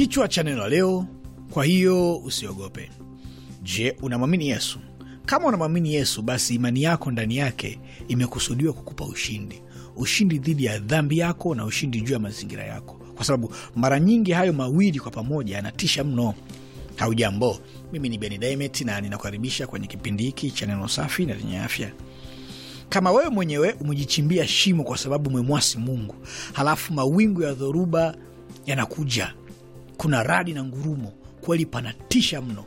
Kichwa cha neno la leo, kwa hiyo usiogope. Je, unamwamini Yesu? Kama unamwamini Yesu, basi imani yako ndani yake imekusudiwa kukupa ushindi, ushindi dhidi ya dhambi yako na ushindi juu ya mazingira yako, kwa sababu mara nyingi hayo mawili kwa pamoja yanatisha mno. Haujambo, mimi ni Beni Daimet na ninakukaribisha kwenye kipindi hiki cha neno safi na lenye afya. Kama wewe mwenyewe umejichimbia shimo kwa sababu umemwasi Mungu, halafu mawingu ya dhoruba yanakuja kuna radi na ngurumo, kweli panatisha mno,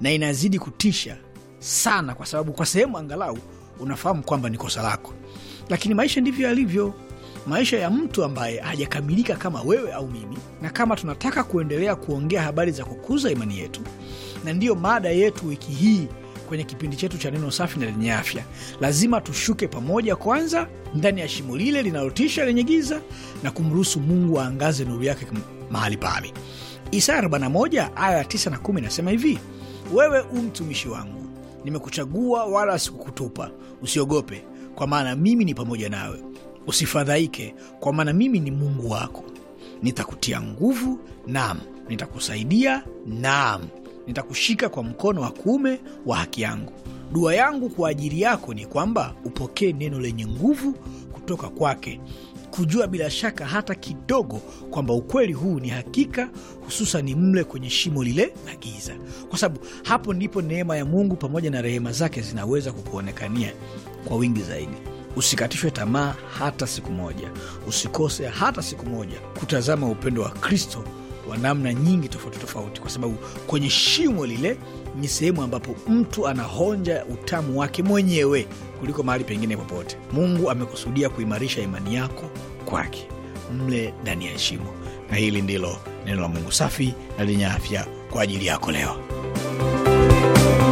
na inazidi kutisha sana, kwa sababu kwa sehemu angalau unafahamu kwamba ni kosa lako, lakini maisha ndivyo yalivyo. Maisha ya mtu ambaye hajakamilika kama wewe au mimi, na kama tunataka kuendelea kuongea habari za kukuza imani yetu, na ndiyo mada yetu wiki hii kwenye kipindi chetu cha neno safi na lenye afya, lazima tushuke pamoja kwanza ndani ya shimo lile linalotisha lenye giza na kumruhusu Mungu aangaze nuru yake mahali pale. Isaya 41 aya 9 na 10 nasema hivi, wewe u mtumishi wangu, nimekuchagua wala sikukutupa, usiogope, kwa maana mimi ni pamoja nawe, usifadhaike, kwa maana mimi ni Mungu wako, nitakutia nguvu, naam, nitakusaidia, naam, nitakushika kwa mkono wa kuume wa haki yangu. Dua yangu kwa ajili yako ni kwamba upokee neno lenye nguvu kutoka kwake, kujua bila shaka hata kidogo kwamba ukweli huu ni hakika, hususan mle kwenye shimo lile la giza, kwa sababu hapo ndipo neema ya Mungu pamoja na rehema zake zinaweza kukuonekania kwa wingi zaidi. Usikatishwe tamaa hata siku moja, usikose hata siku moja kutazama upendo wa Kristo wa namna nyingi tofauti tofauti, kwa sababu kwenye shimo lile ni sehemu ambapo mtu anahonja utamu wake mwenyewe kuliko mahali pengine popote. Mungu amekusudia kuimarisha imani yako kwake mle ndani ya shimo. Na hili ndilo neno la Mungu safi na lenye afya kwa ajili yako leo.